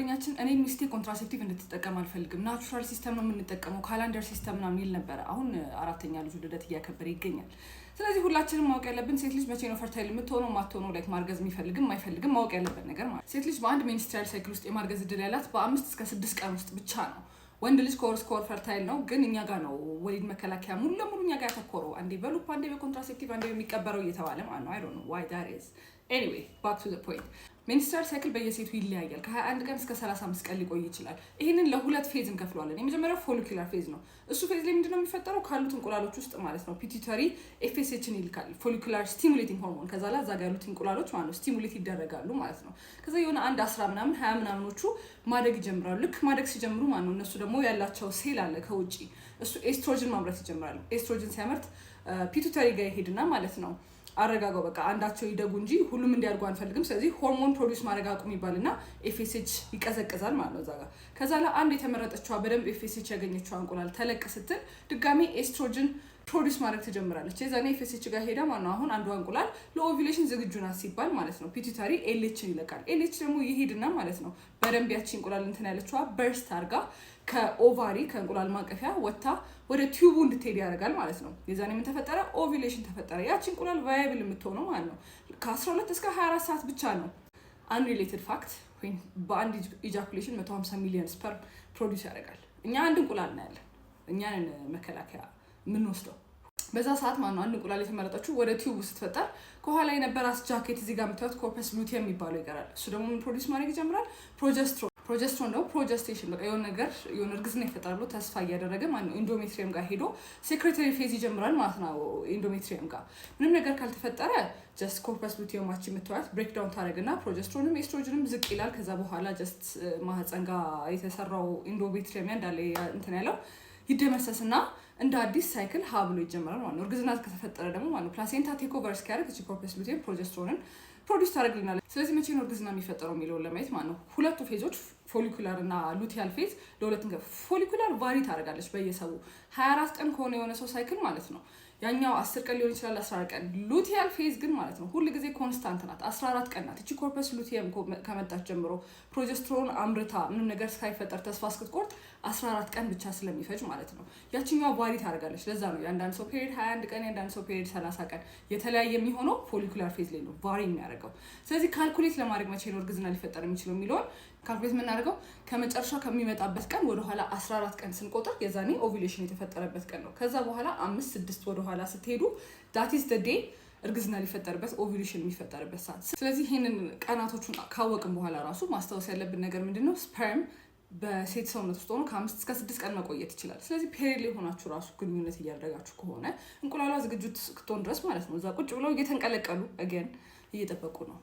ጓደኛችን እኔ ሚስቴ ኮንትራሴፕቲቭ እንድትጠቀም አልፈልግም፣ ናቹራል ሲስተም ነው የምንጠቀመው፣ ካላንደር ሲስተም ምናምን ይል ነበረ። አሁን አራተኛ ልጁ ልደት እያከበረ ይገኛል። ስለዚህ ሁላችንም ማወቅ ያለብን ሴት ልጅ መቼ ነው ፈርታይል የምትሆነው ማትሆነው፣ ላይክ ማርገዝ የሚፈልግም ማይፈልግም ማወቅ ያለበት ነገር ማለት። ሴት ልጅ በአንድ ሚኒስትሪያል ሳይክል ውስጥ የማርገዝ እድል ያላት በአምስት እስከ ስድስት ቀን ውስጥ ብቻ ነው። ወንድ ልጅ ከወር እስከ ወር ፈርታይል ነው፣ ግን እኛ ጋር ነው ወሊድ መከላከያ ሙሉ ለሙሉ እኛ ጋር ያተኮረው። አንዴ በሉፕ አንዴ በኮንትራሴፕቲቭ አንዴ የሚቀበረው እየተባለ ማለት ነው። አይ ዶንት ኖ ዋይ ዳት ኢዝ ኤኒዌይ ባክ ቱ ዘ ፖይንት ሚኒስትራል ሳይክል በየሴቱ ይለያያል። ከ21 ቀን እስከ 35 ቀን ሊቆይ ይችላል። ይህንን ለሁለት ፌዝ እንከፍለዋለን። የመጀመሪያው ፎሊኩላር ፌዝ ነው። እሱ ፌዝ ላይ ምንድነው የሚፈጠረው? ካሉት እንቁላሎች ውስጥ ማለት ነው ፒቲተሪ ኤፌሴችን ይልካል፣ ፎሊኩላር ስቲሙሌቲንግ ሆርሞን። ከዛ ላይ እዛ ጋር ያሉት እንቁላሎች ማለት ነው ስቲሙሌት ይደረጋሉ ማለት ነው። ከዛ የሆነ አንድ አስራ ምናምን ሀያ ምናምኖቹ ማደግ ይጀምራሉ። ልክ ማደግ ሲጀምሩ ማለት ነው እነሱ ደግሞ ያላቸው ሴል አለ ከውጭ እሱ ኤስትሮጅን ማምረት ይጀምራሉ። ኤስትሮጅን ሲያመርት ፒቱተሪ ጋር ይሄድና ማለት ነው አረጋጋው በቃ አንዳቸው ይደጉ እንጂ ሁሉም እንዲያድጉ አንፈልግም። ስለዚህ ሆርሞን ፕሮዲስ ማድረግ አቁም ይባልና ኤፌሴች ይቀዘቅዛል ማለት ነው እዛ ጋር። ከዛ ላይ አንድ የተመረጠችዋ በደንብ ኤፌሴች ያገኘችው እንቁላል ተለቅ ስትል ድጋሚ ኤስትሮጅን ፕሮዲስ ማድረግ ትጀምራለች። የዛኔ ፌሴች ጋር ሄዳ ማነው አሁን አንዷ እንቁላል ለኦቪሌሽን ዝግጁ ናት ሲባል ማለት ነው ፒቲታሪ ኤሌችን ይለቃል። ኤሌች ደግሞ ይሄድና ማለት ነው በደንብ ያቺ እንቁላል እንትን ያለችዋ በርስት አርጋ ከኦቫሪ ከእንቁላል ማቀፊያ ወጥታ ወደ ቲዩቡ እንድትሄድ ያደርጋል ማለት ነው። የዛኔ ምን ተፈጠረ? ኦቪሌሽን ተፈጠረ። ያቺ እንቁላል ቫያብል የምትሆነው ማለት ነው ከ12 እስከ 24 ሰዓት ብቻ ነው። አንሪሌትድ ፋክት ወይም በአንድ ኢጃኩሌሽን 150 ሚሊዮን ስፐርም ፕሮዲስ ያደርጋል። እኛ አንድ እንቁላል እናያለን። እኛን መከላከያ የምንወስደው። በዛ ሰዓት ማነው አንድ እንቁላል የተመረጠችው ወደ ቲዩቡ ስትፈጠር ከኋላ አስ ጃኬት እዚህ ጋር የምታዩት ኮርፐስ ሉቴ የሚባለው ይቀራል። እሱ ደግሞ ምን ፕሮዲስ ማድረግ ይጀምራል? ፕሮጀስትሮ ፕሮጀስትሮን ደግሞ ፕሮጀስቴሽን በቃ የሆነ ነገር የሆነ እርግዝና ይፈጠር ብሎ ተስፋ እያደረገ ማነው ኢንዶሜትሪየም ጋር ሄዶ ሴክሬታሪ ፌዝ ይጀምራል ማለት ነው። ኢንዶሜትሪየም ጋር ምንም ነገር ካልተፈጠረ ጀስት ኮርፐስ ሉቴማች የምትዋያት ብሬክዳውን ታደረግና ፕሮጀስትሮንም ኤስትሮጅንም ዝቅ ይላል። ከዛ በኋላ ጀስት ማህፀን ጋር የተሰራው ኢንዶሜትሪየም እንዳለ እንትን ያለው ይደመሰስና እንደ አዲስ ሳይክል ሀ ብሎ ይጀመራል ማለት ነው። እርግዝና ከተፈጠረ ደግሞ ማለት ነው ፕላሴንታ ቴክ ኦቨር እስኪያደርግ እዚህ ፕሮፕስ ሉቴን ፕሮጀስትሮንን ፕሮዲስ ታደርግልናለች። ስለዚህ መቼ ነው እርግዝና የሚፈጠረው የሚለውን ለማየት ማለት ነው ሁለቱ ፌዞች ፎሊኩላር እና ሉቲያል ፌዝ ለሁለት ፎሊኩላር ቫሪ ታደርጋለች በየሰቡ 24 ቀን ከሆነ የሆነ ሰው ሳይክል ማለት ነው ያኛው አስር ቀን ሊሆን ይችላል፣ አስራ አራት ቀን። ሉቲያል ፌዝ ግን ማለት ነው ሁል ጊዜ ኮንስታንት ናት፣ አስራ አራት ቀን ናት። እቺ ኮርፐስ ሉቲየም ከመጣች ጀምሮ ፕሮጀስትሮን አምርታ ምንም ነገር ሳይፈጠር ተስፋ እስክትቆርጥ አስራ አራት ቀን ብቻ ስለሚፈጅ ማለት ነው ያችኛዋ ቫሪ ታደርጋለች። ለዛ ነው የአንዳንድ ሰው ፔሪድ ሀያ አንድ ቀን የአንዳንድ ሰው ፔሪድ ሰላሳ ቀን የተለያየ የሚሆነው ፎሊኩላር ፌዝ ላይ ነው ቫሪ የሚያደርገው። ስለዚህ ካልኩሌት ለማድረግ መቼ ነው እርግዝና ሊፈጠር የሚችለው የሚለውን ካልኩሌት የምናደርገው ከመጨረሻ ከሚመጣበት ቀን ወደኋላ አስራ አራት ቀን ስንቆጥር የዛኔ ኦቪሌሽን የተፈጠረበት ቀን ነው። ከዛ በኋላ አምስት ስድስት ወደኋላ በኋላ ስትሄዱ ዳት ኢዝ ደ ዴይ እርግዝና ሊፈጠርበት ኦቪሉሽን የሚፈጠርበት ሰዓት። ስለዚህ ይህንን ቀናቶቹን ካወቅን በኋላ ራሱ ማስታወስ ያለብን ነገር ምንድን ነው? ስፐርም በሴት ሰውነት ውስጥ ሆኖ ከአምስት እስከ ስድስት ቀን መቆየት ይችላል። ስለዚህ ፔሪድ ላይ ሆናችሁ ራሱ ግንኙነት እያደረጋችሁ ከሆነ እንቁላሏ ዝግጁት እስክትሆን ድረስ ማለት ነው እዛ ቁጭ ብለው እየተንቀለቀሉ አገን እየጠበቁ ነው።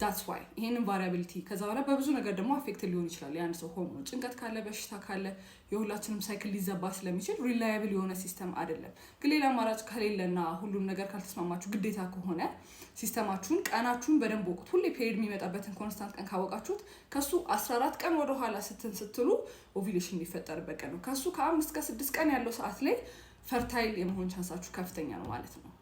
ዳትስ ዋይ ይሄንን ቫሪያቢሊቲ ከዛ በኋላ በብዙ ነገር ደግሞ አፌክት ሊሆን ይችላል። የአንድ ሰው ሆርሞን ጭንቀት ካለ በሽታ ካለ የሁላችንም ሳይክል ሊዘባ ስለሚችል ሪላያብል የሆነ ሲስተም አይደለም። ግን ሌላ አማራጭ ከሌለና ሁሉም ነገር ካልተስማማችሁ ግዴታ ከሆነ ሲስተማችሁን ቀናችሁን በደንብ ወቁት። ሁሌ ፔሪድ የሚመጣበትን ኮንስታንት ቀን ካወቃችሁት ከሱ 14 ቀን ወደኋላ ስትን ስትሉ ኦቪሌሽን የሚፈጠርበት ቀን ነው። ከሱ ከአምስት ከስድስት ቀን ያለው ሰዓት ላይ ፈርታይል የመሆን ቻንሳችሁ ከፍተኛ ነው ማለት ነው።